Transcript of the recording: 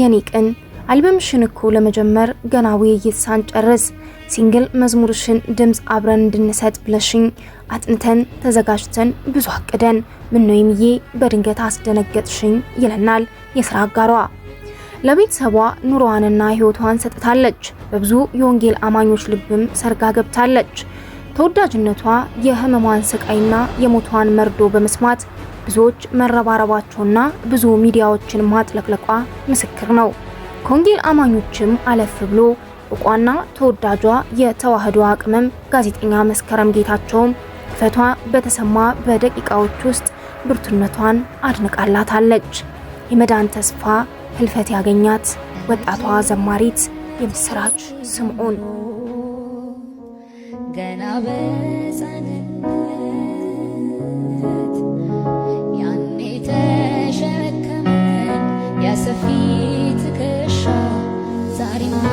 የኔ ቅን አልበምሽን እኮ ለመጀመር ገና ውይይት ሳንጨርስ ሲንግል መዝሙርሽን ድምፅ አብረን እንድንሰጥ ብለሽኝ አጥንተን ተዘጋጅተን ብዙ አቅደን ምን ነው የሚዬ በድንገት አስደነገጥሽኝ ይለናል የስራ አጋሯ። ለቤተሰቧ ኑሮዋንና ሕይወቷን ሰጥታለች። በብዙ የወንጌል አማኞች ልብም ሰርጋ ገብታለች። ተወዳጅነቷ የህመሟን ስቃይና የሞቷን መርዶ በመስማት ብዙዎች መረባረባቸውና ብዙ ሚዲያዎችን ማጥለቅለቋ ምስክር ነው። ከወንጌል አማኞችም አለፍ ብሎ እቋና ተወዳጇ የተዋህዶ ቅመም ጋዜጠኛ መስከረም ጌታቸውም ሕልፈቷ በተሰማ በደቂቃዎች ውስጥ ብርቱነቷን አድንቃላታለች። የመዳን ተስፋ ህልፈት ያገኛት ወጣቷ ዘማሪት የምስራች ስምዖን ገና ሰፊ ትከሻ ዛሬማ